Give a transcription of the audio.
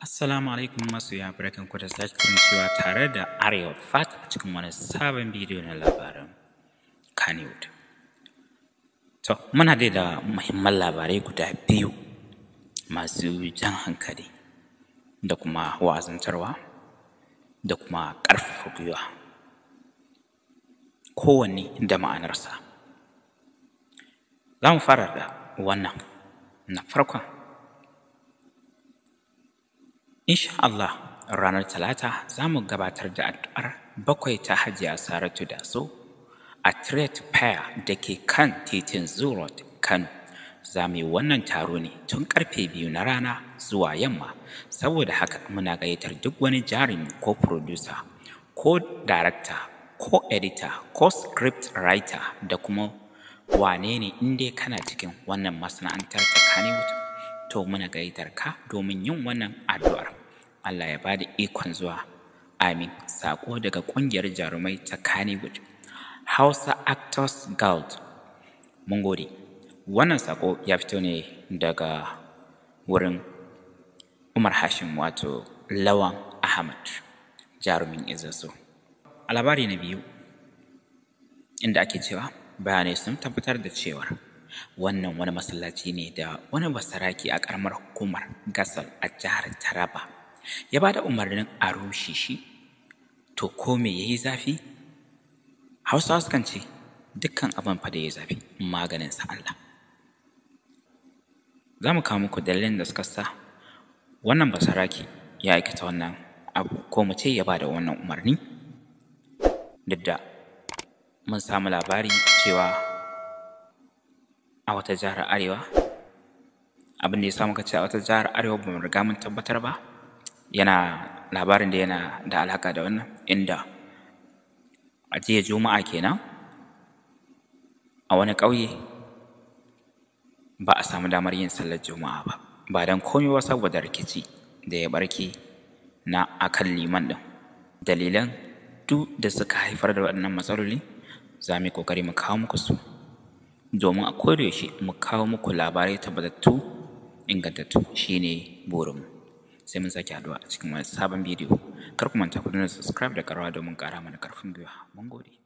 Assalamu alaikum masoya barkan ku da sake kasancewa tare da Arewa Fat a cikin wani sabon bidiyo na labaran Kannywood. To, muna dai da muhimman labarai guda biyu masu jan hankali da kuma wazantarwa, da kuma ƙarfafa gwiwa. Kowanne da ma'anarsa. Za mu fara da wannan na farkon Insha Allah ranar Talata za mu gabatar da addu'ar bakwai ta Hajiya Saratu da so a Tret Pair da ke kan titin Zurot Kano. Za mu yi wannan taro ne tun karfe biyu na rana zuwa yamma, saboda haka muna gayyatar duk wani jarumi ko producer ko darakta ko editor ko script writer da kuma wane ne inda kana cikin wannan masana'antar tsakanin to muna gayyatar ka domin yin wannan addu'ar. Allah ya bada ikon zuwa amin sako daga ƙungiyar jarumai ta Kannywood Hausa Actors Guild mun gode wannan sako ya fito ne daga wurin Umar Hashim wato Lawan Ahmad jarumin Izaso a labari na biyu inda ake cewa bayanai sun tabbatar da cewar wannan wani masallaci ne da wani basaraki a ƙaramar hukumar gasal a jihar taraba ya ba da umarnin a rushe shi to ko me ya yi zafi hausa sukan ce dukkan abin fa da ya zafi maganin sa Allah za mu kawo muku dalilin da suka sa wannan basaraki ya aikata wannan abu ko mu ce ya ba da wannan umarni duk da mun samu labari cewa a wata jihar arewa abin da ya samu ka a wata jihar arewa ba mu riga mun tabbatar ba yana labarin da yana da alaka da wannan inda a jiya juma'a kenan a wani ƙauye ba a samu damar yin sallar juma'a ba ba don komai saboda rikici da ya barke na akan liman ɗin dalilan duk da suka haifar da waɗannan matsaloli za mu yi ƙoƙari mu kawo muku su domin a yaushe mu kawo muku labarai tabbatattu ingantattu shine burinmu sai mun sake haduwa a cikin wani sabon bidiyo kar ku manta ku dinga subscribe da karawa domin ƙara mana ƙarfin gwiwa mun gode